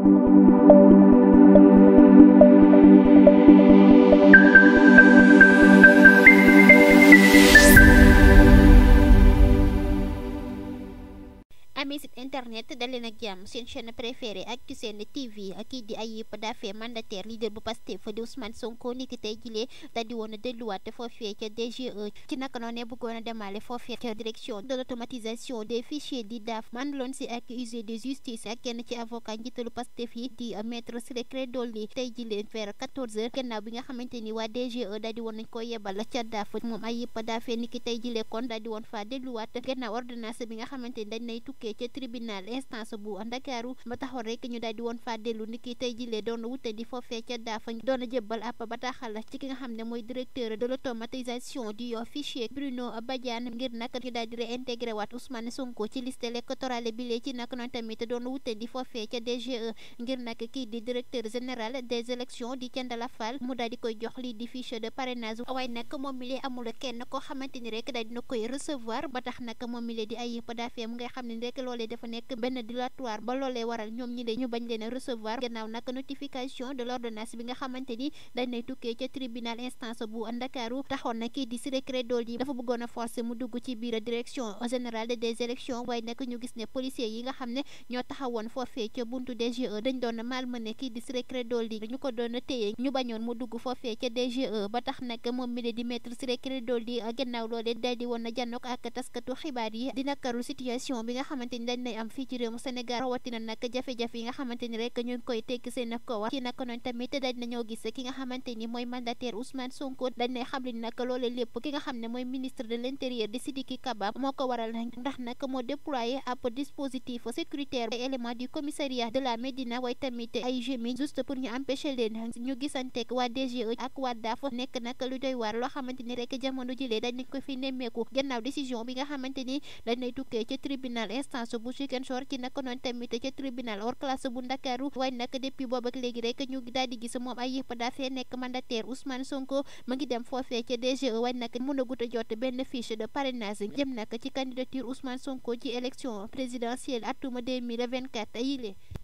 Thank you. amee site internet daleen ak jàmm seen chaîne préférée ak ci seen TV ak kii di Ayib Daffé mandataire leader bu Pastef di Ousmane Sonko niki tey jilee daal di woon a delluwaat foofee ca DGE ci naka noonee bëggoon a demaale foofee ca direction de l'automatisation des fichiers di DAF man loon si ak huissier de justice ak kenn ci avocat njiitalu Pastef yi di maître Ciré Clédor Ly tey jilee vers 14 heures gannaaw bi nga xamante ni waa DGE daal di foofee ca tribunal instance bu Ndakaaru ba taxoon rek ñu daal di woon faa dellu ni ki tey jilee doon wute di foofee ca daafa ngir nag ñu daal di réintégré waat di foofee ca DGE ngir nag kii di directeur général des élections di Thiendella Fall mu daal di koy jox lii di fiche de parrainage waaye nag moom mi kenn koo xamante ni rek daal dina koy recevoir ba tax nag moom di ay yëpp daafee mu ngay xam ne rek fekk loolee dafa nekk benn dilatoire ba loolee waral ñoom ñi le ñu bañ leen a recevoir gannaaw nag notification de l'ordonnance bi nga xamante ni dañ lay tukkee ca tribunal instance bu Ndakaaru taxoon na kii di Ciré Clédor Ly dafa bëggoon a mu dugg ci biir direction générale des élections waaye nag ñu gis ne policiers yi nga xam ne ñoo taxawoon foofee ca buntu DGE dañ doon malmené kii di Ciré Clédor Ly ñu ko doon téye ñu bañoon mu xamante ni dañ lay am fii ci réew ni rek ñu ngi koy tekki seen nag ko wax ci naka ni mooy mandataire Ousmane Sonko dañ lay xamle ni nag loolee lépp ki ne mooy ministre de l'intérieur di Sidiki Kaba moo ko waral ndax nag moo déployé ab dispositif sécuritaire ay éléments du commissariat de la Médina waaye tamit ay gémi juste pour ñu empêcher leen ñu gisanteeg waa DGE ak waa DAF nekk nag lu doy waar loo xamante ni rek jamono jilee dañ nañ ko fi nemmeeku gannaaw décision bi nga xamante ni dañ lay tukkee ci tribunal instant sasu busu ken sor ci nak non tamit ci tribunal or classe bu dakaru way nak depuis bob ak legui rek ñu gi daldi gis mom ay yepp da fe nek mandataire ousmane sonko ma ngi dem fofé ci dg way nak mëna guta jot ben fiche de parrainage jëm nak ci candidature ousmane sonko ci élection présidentielle atuma 2024 yi le